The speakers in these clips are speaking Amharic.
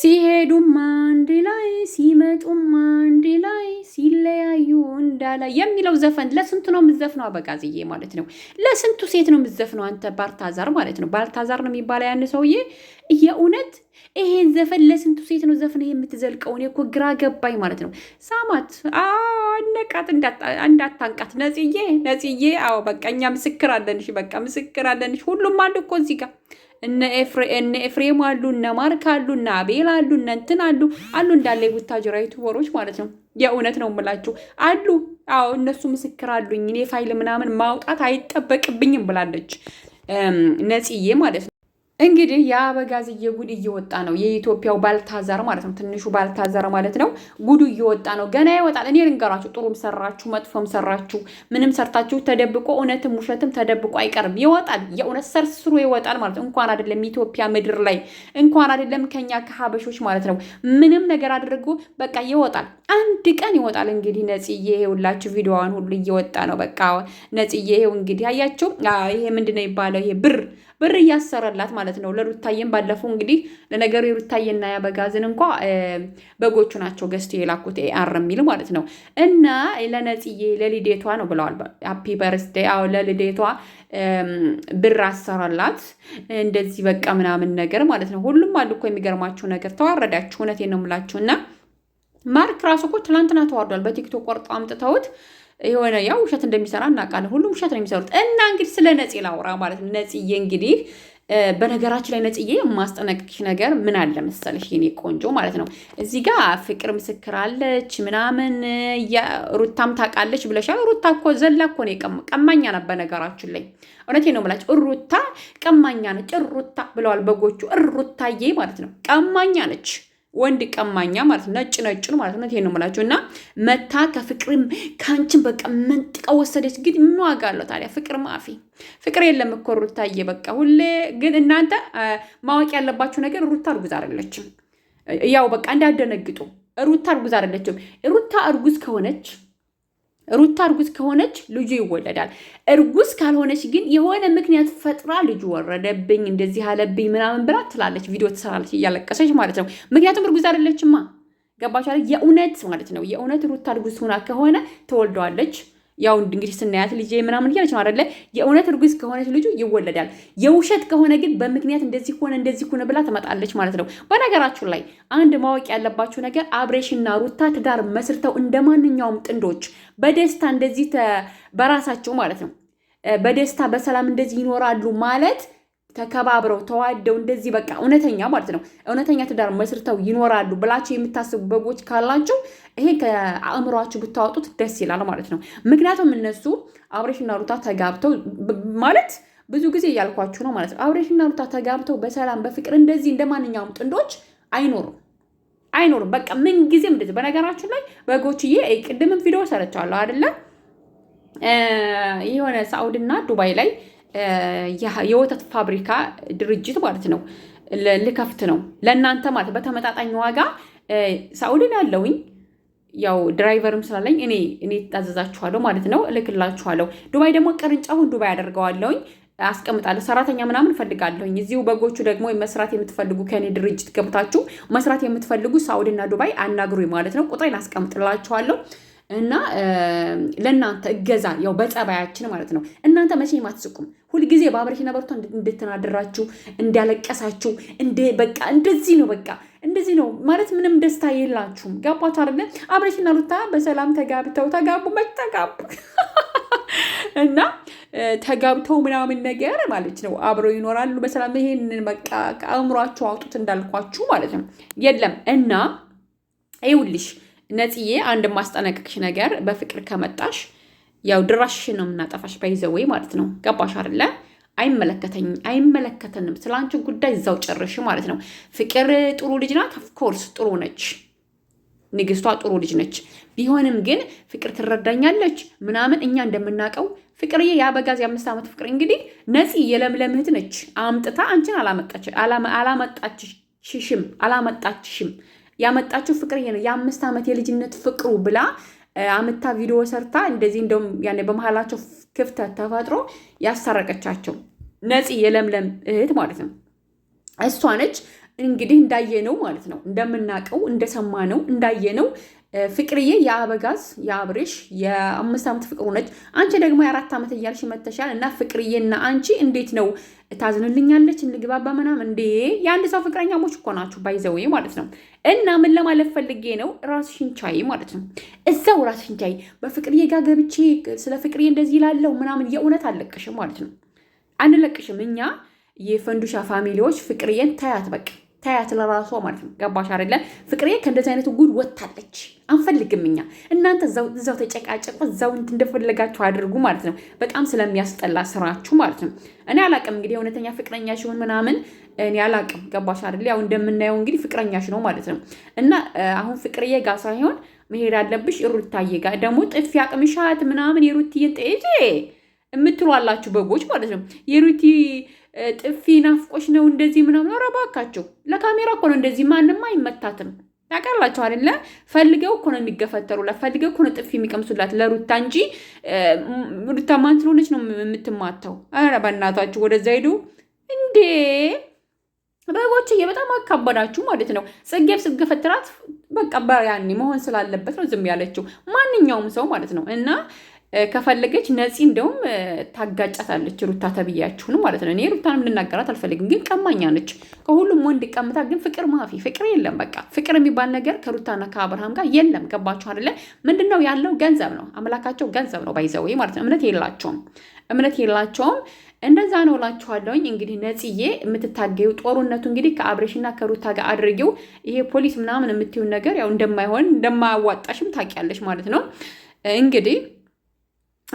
ሲሄዱም አንድ ላይ ሲመጡም አንድ ላይ ሲለያዩ እንዳላይ የሚለው ዘፈን ለስንቱ ነው የምዘፍነው? አበጋዝዬ ማለት ነው። ለስንቱ ሴት ነው የምዘፍነው? አንተ ባልታዛር ማለት ነው። ባልታዛር ነው የሚባለው ያን ሰውዬ። የእውነት ይሄን ዘፈን ለስንቱ ሴት ነው ዘፍነ የምትዘልቀው? እኔ እኮ ግራ ገባኝ ማለት ነው። ሳማት አነቃት፣ እንዳታንቃት ነጽዬ፣ ነጽዬ። አዎ በቃ እኛ ምስክር አለንሽ፣ በቃ ምስክር አለንሽ። ሁሉም አንድ እኮ እዚህ ጋር እነ ኤፍሬም አሉ፣ እነ ማርክ አሉ፣ እነ አቤል አሉ፣ እነ እንትን አሉ አሉ እንዳለ የቡታጅራ ዩቱበሮች ማለት ነው። የእውነት ነው የምላችሁ አሉ። አዎ እነሱ ምስክር አሉኝ። እኔ ፋይል ምናምን ማውጣት አይጠበቅብኝም ብላለች ነጽዬ ማለት ነው። እንግዲህ የአበጋዝዬ ጉድ እየወጣ ነው። የኢትዮጵያው ባልታዛር ማለት ነው፣ ትንሹ ባልታዛር ማለት ነው። ጉዱ እየወጣ ነው፣ ገና ይወጣል። እኔ ልንገራችሁ፣ ጥሩም ሰራችሁ፣ መጥፎም ሰራችሁ፣ ምንም ሰርታችሁ ተደብቆ እውነትም ውሸትም ተደብቆ አይቀርም፣ ይወጣል። የእውነት ሰርስሮ ይወጣል ማለት እንኳን አይደለም ኢትዮጵያ ምድር ላይ እንኳን አይደለም ከኛ ከሀበሾች ማለት ነው። ምንም ነገር አድርጎ በቃ ይወጣል፣ አንድ ቀን ይወጣል። እንግዲህ ነጽዬ ይሄውላችሁ፣ ቪዲዮዋን ሁሉ እየወጣ ነው። በቃ ነጽዬ ይሄው እንግዲህ አያችሁ፣ ይሄ ምንድነው ይባለው? ይሄ ብር ብር እያሰረላት ማለት ነው። ለሩታየን ባለፈው እንግዲህ ለነገሩ የሩታዬና ያበጋዝን እንኳ በጎቹ ናቸው ገዝቶ የላኩት ኤአር የሚል ማለት ነው። እና ለነጽዬ ለልዴቷ ነው ብለዋል። ሃፒ በርስዴ አዎ፣ ለልዴቷ ብር አሰረላት እንደዚህ በቃ ምናምን ነገር ማለት ነው። ሁሉም አሉ እኮ የሚገርማችሁ ነገር ተዋረዳችሁ። እውነቴን ነው የምላችሁ እና ማርክ ራሱ እኮ ትላንትና ተዋርዷል። በቲክቶክ ቆርጦ አምጥተውት የሆነ ያው ውሸት እንደሚሰራ እናውቃለን። ሁሉም ውሸት ነው የሚሰሩት። እና እንግዲህ ስለ ነፂ ላውራ ማለት ነው። ነፂዬ እንግዲህ በነገራችን ላይ ነፂዬ የማስጠነቅቅሽ ነገር ምን አለ መሰለሽ የኔ ቆንጆ ማለት ነው። እዚህ ጋር ፍቅር ምስክር አለች ምናምን ሩታም ታውቃለች ብለሻል። ሩታ እኮ ዘላ እኮ ነው ቀማኛ ናት። በነገራችን ላይ እውነቴ ነው የምላቸው ሩታ ቀማኛ ነች። ሩታ ብለዋል በጎቹ። ሩታዬ ማለት ነው ቀማኛ ነች። ወንድ ቀማኛ ማለት ነው። ነጭ ነጩን ማለት ነው። ይሄን ነው የምላችሁ። እና መታ ከፍቅርም ከአንቺን በቃ መንጥቀ ወሰደች። ግን ምን ዋጋ አለው ታዲያ? ፍቅር ማፊ ፍቅር የለም እኮ ሩታዬ። በቃ ሁሌ ግን እናንተ ማወቅ ያለባችሁ ነገር ሩታ እርጉዝ አይደለችም። ያው በቃ እንዳደነግጡ ሩታ እርጉዝ አይደለችም። ሩታ እርጉዝ ከሆነች ሩታ እርጉዝ ከሆነች ልጁ ይወለዳል። እርጉዝ ካልሆነች ግን የሆነ ምክንያት ፈጥራ ልጁ ወረደብኝ፣ እንደዚህ አለብኝ ምናምን ብላ ትላለች። ቪዲዮ ትሰራለች እያለቀሰች ማለት ነው። ምክንያቱም እርጉዝ አይደለችማ። ገባች? የእውነት ማለት ነው። የእውነት ሩታ እርጉዝ ሆና ከሆነ ትወልደዋለች። ያው እንግዲህ ስናያት ልጄ ምናምን እያለች ነው አይደለ? የእውነት እርጉዝ ከሆነች ልጁ ይወለዳል። የውሸት ከሆነ ግን በምክንያት እንደዚህ ሆነ እንደዚህ ሆነ ብላ ትመጣለች ማለት ነው። በነገራችሁ ላይ አንድ ማወቅ ያለባችሁ ነገር አብሬሽና ሩታ ትዳር መስርተው እንደ ማንኛውም ጥንዶች በደስታ እንደዚህ በራሳቸው ማለት ነው በደስታ በሰላም እንደዚህ ይኖራሉ ማለት ተከባብረው ተዋደው እንደዚህ በቃ እውነተኛ ማለት ነው እውነተኛ ትዳር መስርተው ይኖራሉ ብላችሁ የምታስቡ በጎች ካላችሁ ይሄ ከአእምሯችሁ ብታወጡት ደስ ይላል ማለት ነው። ምክንያቱም እነሱ አብሬሽና ሩታ ተጋብተው ማለት ብዙ ጊዜ እያልኳችሁ ነው ማለት ነው። አብሬሽና ሩታ ተጋብተው በሰላም በፍቅር እንደዚህ እንደ ማንኛውም ጥንዶች አይኖሩም አይኖሩም። በቃ ምን ጊዜም እንደዚህ። በነገራችን ላይ በጎችዬ ቅድምም ቪዲዮ ሰረቻለሁ አይደለም የሆነ ሳዑድና ዱባይ ላይ የወተት ፋብሪካ ድርጅት ማለት ነው ልከፍት ነው ለእናንተ ማለት በተመጣጣኝ ዋጋ ሳኡድን ያለውኝ ያው ድራይቨርም ስላለኝ እኔ እኔ ታዘዛችኋለሁ ማለት ነው እልክላችኋለሁ። ዱባይ ደግሞ ቅርንጫፉን ዱባይ አደርገዋለሁኝ አስቀምጣለሁ። ሰራተኛ ምናምን እፈልጋለሁኝ። እዚሁ በጎቹ ደግሞ መስራት የምትፈልጉ ከእኔ ድርጅት ገብታችሁ መስራት የምትፈልጉ ሳኡድና ዱባይ አናግሩኝ ማለት ነው። ቁጥሬን አስቀምጥላችኋለሁ። እና ለእናንተ እገዛ ያው በጸባያችን ማለት ነው። እናንተ መቼም አትስቁም። ሁልጊዜ በአብረሽና ነበርቶ እንድትናደራችሁ እንዳለቀሳችሁ፣ በቃ እንደዚህ ነው፣ በቃ እንደዚህ ነው ማለት ምንም ደስታ የላችሁም። ገባችሁ አለ አብረሽና ሩታ በሰላም ተጋብተው ተጋቡ፣ መች ተጋቡ እና ተጋብተው ምናምን ነገር ማለት ነው አብረው ይኖራሉ በሰላም። ይሄንን በቃ ከአእምሯችሁ አውጡት እንዳልኳችሁ ማለት ነው። የለም እና ይውልሽ ነጽዬ አንድ ማስጠነቀቅሽ ነገር በፍቅር ከመጣሽ ያው ድራሽሽን ነው የምናጠፋሽ። ባይዘወይ ማለት ነው ገባሽ አይደለ? አይመለከተኝ አይመለከተንም ስለ አንቺ ጉዳይ እዛው ጨርሽ ማለት ነው። ፍቅር ጥሩ ልጅ ናት። ኦፍኮርስ ጥሩ ነች፣ ንግስቷ ጥሩ ልጅ ነች። ቢሆንም ግን ፍቅር ትረዳኛለች ምናምን እኛ እንደምናውቀው ፍቅርዬ የአበጋዝ የአምስት ዓመት ፍቅር እንግዲህ ነፂ የለምለምህት ነች። አምጥታ አንቺን አላመጣችሽም አላመጣችሽም ያመጣችው ፍቅርዬ ነው የአምስት ዓመት የልጅነት ፍቅሩ ብላ አምታ ቪዲዮ ሰርታ እንደዚህ እንደውም ያኔ በመሀላቸው ክፍተት ተፈጥሮ ያሳረቀቻቸው ነፂ የለምለም እህት ማለት ነው። እሷ ነች እንግዲህ እንዳየነው ማለት ነው እንደምናቀው እንደሰማነው እንዳየነው ፍቅርዬ የአበጋዝ የአብሬሽ የአምስት ዓመት ፍቅሩ ነች። አንቺ ደግሞ የአራት ዓመት እያልሽ መተሻል እና ፍቅርዬና አንቺ እንዴት ነው ታዝንልኛለች እንግባባ ምናም እንዴ የአንድ ሰው ሞች እኮ ናችሁ ባይዘው ማለት ነው። እና ምን ለማለት ፈልጌ ነው ራስሽን ቻይ ማለት ነው። እዛው ራስሽን ቻይ። በፍቅርዬ ጋር ገብቼ ስለ ፍቅርዬ እንደዚህ ይላለው ምናምን የእውነት አለቅሽም ማለት ነው። አንለቅሽም እኛ የፈንዱሻ ፋሚሊዎች ፍቅርዬን ታያት በቃ ታያት ለራሷ ማለት ነው። ገባሽ አይደለ? ፍቅሬ ከእንደዚህ አይነቱ ጉድ ወጥታለች። አንፈልግም እኛ። እናንተ እዛው ተጨቃጨቁ፣ እዛው እንደፈለጋችሁ አድርጉ ማለት ነው። በጣም ስለሚያስጠላ ስራችሁ ማለት ነው። እኔ አላቅም እንግዲህ እውነተኛ ፍቅረኛ ሲሆን ምናምን እኔ አላቅም። ገባሽ አይደለ? ያው እንደምናየው እንግዲህ ፍቅረኛሽ ነው ማለት ነው። እና አሁን ፍቅርዬ ጋር ሳይሆን መሄድ አለብሽ ሩታዬ ጋር። ደግሞ ጥፊ አቅምሻት ምናምን የሩትዬን ጤ የምትሏላችሁ በጎች ማለት ነው የሩቲ ጥፊ ናፍቆች ነው እንደዚህ ምናምን። ኧረ እባካችሁ ለካሜራ እኮ ነው እንደዚህ ማንም አይመታትም። ታውቃላችሁ አይደለ? ፈልገው እኮ ነው የሚገፈተሩላት፣ ፈልገው እኮ ነው ጥፊ የሚቀምሱላት ለሩታ እንጂ ሩታ ማን ስለሆነች ነው የምትማተው ኧረ በእናታችሁ ወደዛ ሄዱ እንዴ! በጎችዬ በጣም አካበዳችሁ ማለት ነው። ጽጌብ ስገፈትራት በቃ ያኔ መሆን ስላለበት ነው ዝም ያለችው ማንኛውም ሰው ማለት ነው እና ከፈለገች ነፂ እንደውም ታጋጫታለች ሩታ ተብያችሁን ማለት ነው። እኔ ሩታንም ልናገራት አልፈልግም፣ ግን ቀማኛ ነች። ከሁሉም ወንድ ቀምታ፣ ግን ፍቅር ማፊ ፍቅር የለም። በቃ ፍቅር የሚባል ነገር ከሩታና ከአብርሃም ጋር የለም። ገባችሁ አይደለ? ምንድነው ያለው? ገንዘብ ነው። አምላካቸው ገንዘብ ነው። ባይዘው ማለት ነው። እምነት የላቸውም፣ እምነት የላቸውም። እንደዛ ነው እላችኋለሁኝ። እንግዲህ ነፂዬ የምትታገዩ ጦርነቱ እንግዲህ ከአብሬሽና ከሩታ ጋር አድርጊው። ይሄ ፖሊስ ምናምን የምትዩን ነገር ያው እንደማይሆን እንደማያዋጣሽም ታውቂያለሽ ማለት ነው እንግዲህ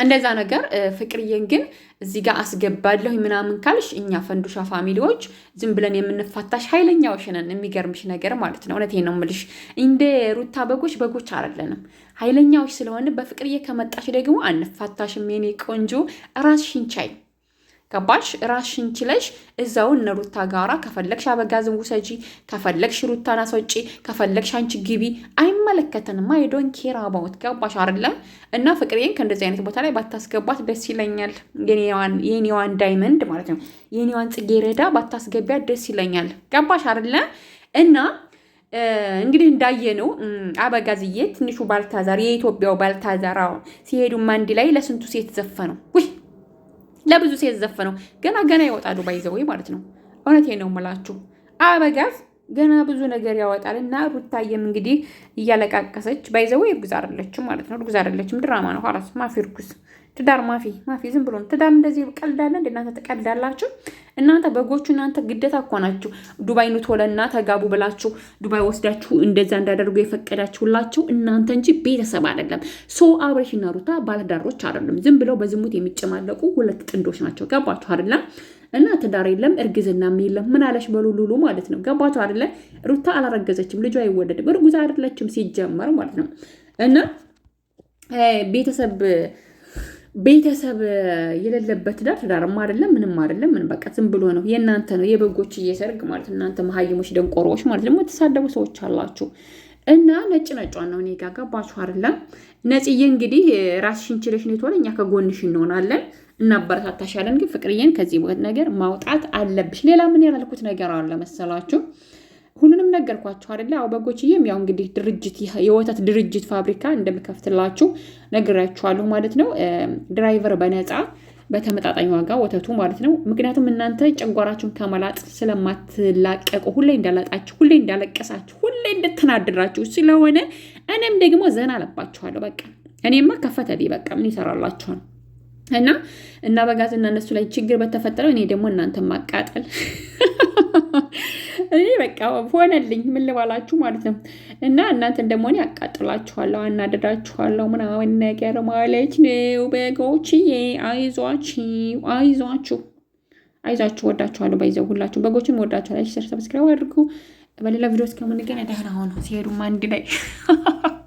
እንደዛ ነገር ፍቅርዬን ግን እዚህ ጋር አስገባለሁ ምናምን ካልሽ እኛ ፈንዱሻ ፋሚሊዎች ዝም ብለን የምንፋታሽ ኃይለኛዎች ነን። የሚገርምሽ ነገር ማለት ነው። እውነቴን ነው የምልሽ። እንደ ሩታ በጎች በጎች አይደለንም። ኃይለኛዎች ስለሆን በፍቅርዬ ከመጣሽ ደግሞ አንፋታሽም የኔ ቆንጆ ራስሽን ቻይ። ገባሽ? ራስሽን ችለሽ እዛውን ነሩታ ጋራ ከፈለግሽ አበጋዝን ውሰጂ፣ ከፈለግሽ ሩታን አስወጪ፣ ከፈለግሽ አንቺ ግቢ፣ አይመለከተንም። አይ ዶን ኬር አባውት ገባሽ አይደለም? እና ፍቅሬን ከእንደዚህ አይነት ቦታ ላይ ባታስገባት ደስ ይለኛል። የኔዋን ዳይመንድ ማለት ነው የኔዋን ጽጌረዳ ባታስገቢያት ደስ ይለኛል። ገባሽ አይደለም? እና እንግዲህ እንዳየነው አበጋዝዬ ትንሹ ባልታዛር የኢትዮጵያው ባልታዛር ሲሄዱም አንድ ላይ ለስንቱ ሴት ዘፈነው ለብዙ ሴት ዘፈነው ገና ገና ይወጣሉ። ባይዘወይ ማለት ነው። እውነቴን ነው የምላችሁ አበጋዝ ገና ብዙ ነገር ያወጣል እና ሩታየም እንግዲህ እያለቃቀሰች ባይዘው እርጉዝ አይደለችም ማለት ነው። እርጉዝ አይደለችም፣ ድራማ ነው። ኋላስ ማፊ እርጉዝ ትዳር ማፊ ማፊ ዝም ብሎ ትዳር እንደዚህ ቀልዳለ። እናንተ ትቀልዳላችሁ። እናንተ በጎቹ እናንተ ግደታ እኮ ናችሁ። ዱባይ ኑቶለ እና ተጋቡ ብላችሁ ዱባይ ወስዳችሁ እንደዛ እንዳደርጉ የፈቀዳችሁላቸው እናንተ እንጂ ቤተሰብ አይደለም። ሶ አብሬሽና ሩታ ባለዳሮች አይደሉም። ዝም ብለው በዝሙት የሚጨማለቁ ሁለት ጥንዶች ናቸው። ገባችሁ አይደለም? እና ትዳር የለም እርግዝናም የለም። ምን አለሽ በሉ ሉሉ ማለት ነው። ገባቱ አይደለ? ሩታ አላረገዘችም፣ ልጇ አይወለድም፣ እርጉዝ አይደለችም ሲጀመር ማለት ነው። እና ቤተሰብ ቤተሰብ የሌለበት ዳር ትዳርም አይደለም፣ ምንም አይደለም። ምን በቃ ዝም ብሎ ነው። የእናንተ ነው የበጎች እየሰርግ ማለት እናንተ መሀይሞች፣ ደንቆሮዎች ማለት ደግሞ የተሳደቡ ሰዎች አላችሁ እና ነጭ ነጯን ነው እኔ ጋ ገባችሁ አይደለም? ነጽዬ እንግዲህ ራስሽን ችለሽ ነው የተሆነ እኛ ከጎንሽ እንሆናለን። እናበረታታሻለን። ግን ፍቅርዬን ከዚህ ነገር ማውጣት አለብሽ። ሌላ ምን ያላልኩት ነገር አለ መሰላችሁ? ሁሉንም ነገርኳችሁ አይደለ? አዎ በጎችዬም ያው እንግዲህ ድርጅት የወተት ድርጅት ፋብሪካ እንደምከፍትላችሁ ነግራችኋለሁ ማለት ነው። ድራይቨር በነፃ በተመጣጣኝ ዋጋ ወተቱ ማለት ነው። ምክንያቱም እናንተ ጨጓራችሁን ከመላጥ ስለማትላቀቁ ሁሌ እንዳላጣችሁ፣ ሁሌ እንዳለቀሳችሁ፣ ሁሌ እንደተናደራችሁ ስለሆነ እኔም ደግሞ ዘና አለባችኋለሁ። በቃ እኔማ ከፈተ በቃ ምን ይሰራላችኋል? እና እና በጋዝና እነሱ ላይ ችግር በተፈጠረው እኔ ደግሞ እናንተ ማቃጠል እኔ በቃ ሆነልኝ። ምን ልባላችሁ ማለት ነው። እና እናንተን ደግሞ እኔ አቃጥላችኋለሁ፣ አናደዳችኋለሁ ምናምን ነገር ማለት ነው። በጎችዬ አይዟችሁ፣ አይዟችሁ፣ አይዟችሁ። ወዳችኋለሁ። በይዘው ሁላችሁ በጎችን ወዳችኋለሁ። ሰብስክራይብ አድርጉ። በሌላ ቪዲዮ እስከምንገናኝ ደህና ሆኖ ሲሄዱም አንድ ላይ